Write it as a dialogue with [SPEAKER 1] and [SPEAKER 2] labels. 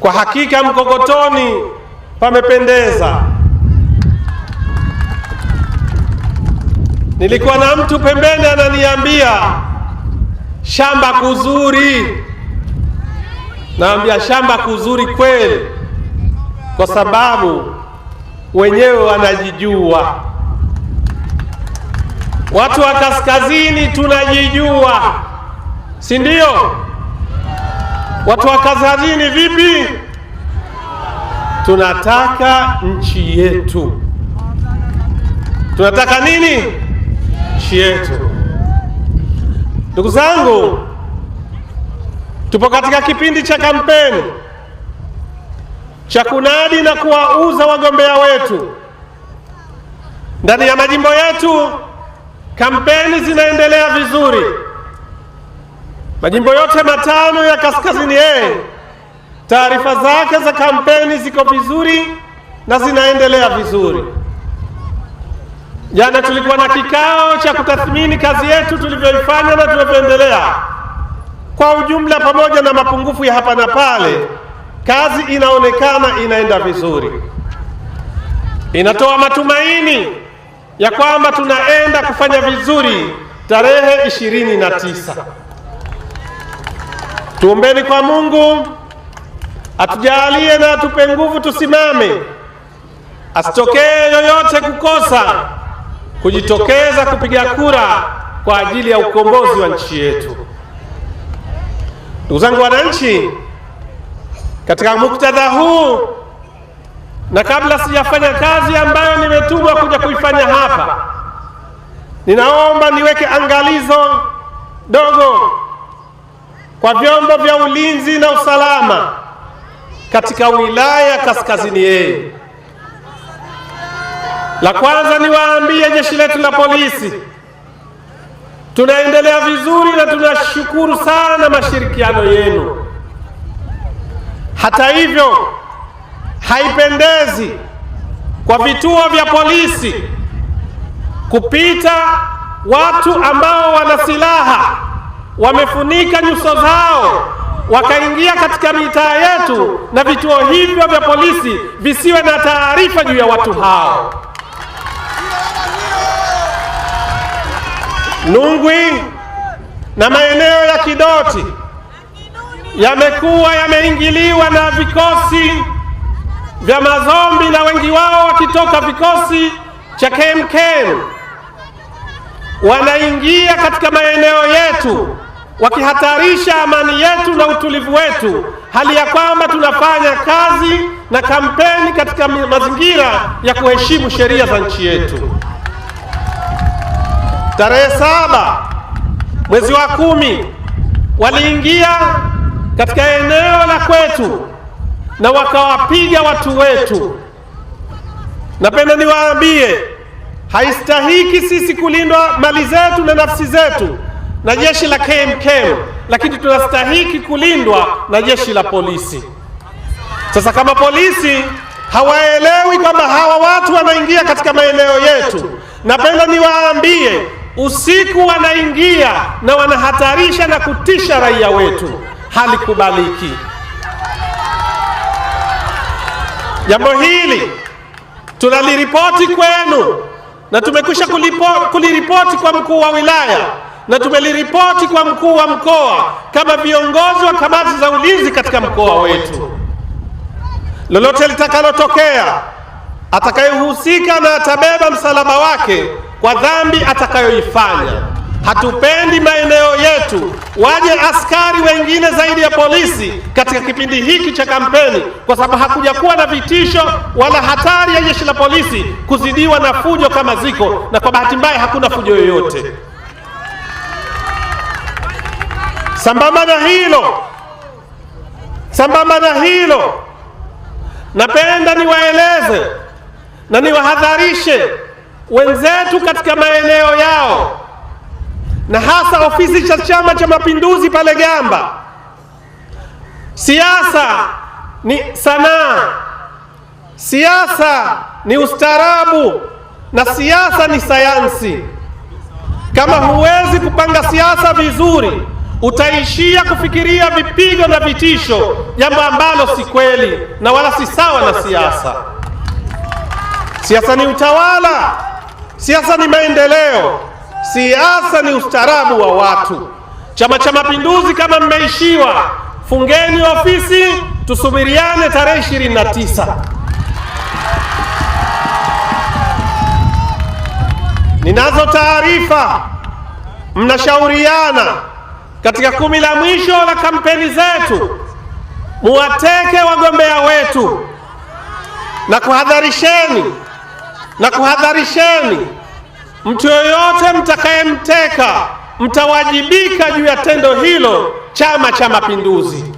[SPEAKER 1] Kwa hakika Mkokotoni pamependeza. Nilikuwa na mtu pembeni ananiambia shamba kuzuri. Naambia shamba kuzuri kweli, kwa sababu wenyewe wanajijua. Watu wa kaskazini tunajijua, si ndio? Watu wa kaskazini vipi? Tunataka nchi yetu. Tunataka nini? Nchi yetu. Ndugu zangu, tupo katika kipindi cha kampeni cha kunadi na kuwauza wagombea wetu ndani ya majimbo yetu. Kampeni zinaendelea vizuri. Majimbo yote matano ya kaskazini yeye, eh, taarifa zake za kampeni ziko vizuri na zinaendelea vizuri. Jana tulikuwa na kikao cha kutathmini kazi yetu tulivyoifanya na tulivyoendelea kwa ujumla, pamoja na mapungufu ya hapa na pale. Kazi inaonekana inaenda vizuri, inatoa matumaini ya kwamba tunaenda kufanya vizuri tarehe ishirini na tisa. Tuombeni kwa Mungu atujalie na atupe nguvu tusimame, asitokee yoyote kukosa kujitokeza kupiga kura kwa ajili ya ukombozi wa nchi yetu. Ndugu zangu wananchi, katika muktadha huu na kabla sijafanya kazi ambayo nimetumwa kuja kuifanya hapa, ninaomba niweke angalizo dogo kwa vyombo vya ulinzi na usalama katika wilaya kaskazini yenu. La kwanza niwaambie, jeshi letu la polisi tunaendelea vizuri na tunashukuru sana mashirikiano yenu. Hata hivyo, haipendezi kwa vituo vya polisi kupita watu ambao wana silaha wamefunika nyuso zao, wakaingia katika mitaa yetu, na vituo hivyo vya polisi visiwe na taarifa juu ya watu hao. Nungwi na maeneo ya Kidoti yamekuwa yameingiliwa na vikosi vya mazombi na wengi wao wakitoka vikosi cha KMKM wanaingia katika maeneo yetu wakihatarisha amani yetu na utulivu wetu, hali ya kwamba tunafanya kazi na kampeni katika mazingira ya kuheshimu sheria za nchi yetu. Tarehe saba mwezi wa kumi waliingia katika eneo la kwetu na wakawapiga watu wetu. Napenda niwaambie, haistahiki sisi kulindwa mali zetu na nafsi zetu na jeshi la KMKM, lakini tunastahiki kulindwa na jeshi la polisi. Sasa kama polisi hawaelewi kwamba hawa watu wanaingia katika maeneo yetu, napenda niwaambie, usiku wanaingia na wanahatarisha na kutisha raia wetu, halikubaliki. Jambo hili tunaliripoti kwenu na tumekwisha kuliripoti kwa mkuu wa wilaya na tumeliripoti kwa mkuu wa mkoa kama viongozi wa kamati za ulinzi katika mkoa wetu. Lolote litakalotokea, atakayehusika na atabeba msalaba wake kwa dhambi atakayoifanya. Hatupendi maeneo yetu waje askari wengine zaidi ya polisi katika kipindi hiki cha kampeni, kwa sababu hakuja kuwa na vitisho wala hatari ya jeshi la polisi kuzidiwa na fujo kama ziko, na kwa bahati mbaya hakuna fujo yoyote. Sambamba na hilo, sambamba na hilo, napenda niwaeleze na niwahadharishe wenzetu katika maeneo yao na hasa ofisi cha Chama cha Mapinduzi pale Gamba. Siasa ni sanaa, siasa ni ustaarabu na siasa ni sayansi. Kama huwezi kupanga siasa vizuri utaishia kufikiria vipigo na vitisho, jambo ambalo si kweli na wala si sawa na siasa. Siasa ni utawala, siasa ni maendeleo, siasa ni ustarabu wa watu. Chama cha Mapinduzi, kama mmeishiwa, fungeni ofisi, tusubiriane tarehe 29. Ninazo taarifa mnashauriana katika kumi la mwisho la kampeni zetu, muwateke wagombea wetu na kuhadharisheni na kuhadharisheni, mtu yoyote mtakayemteka mtawajibika juu ya tendo hilo, Chama cha Mapinduzi.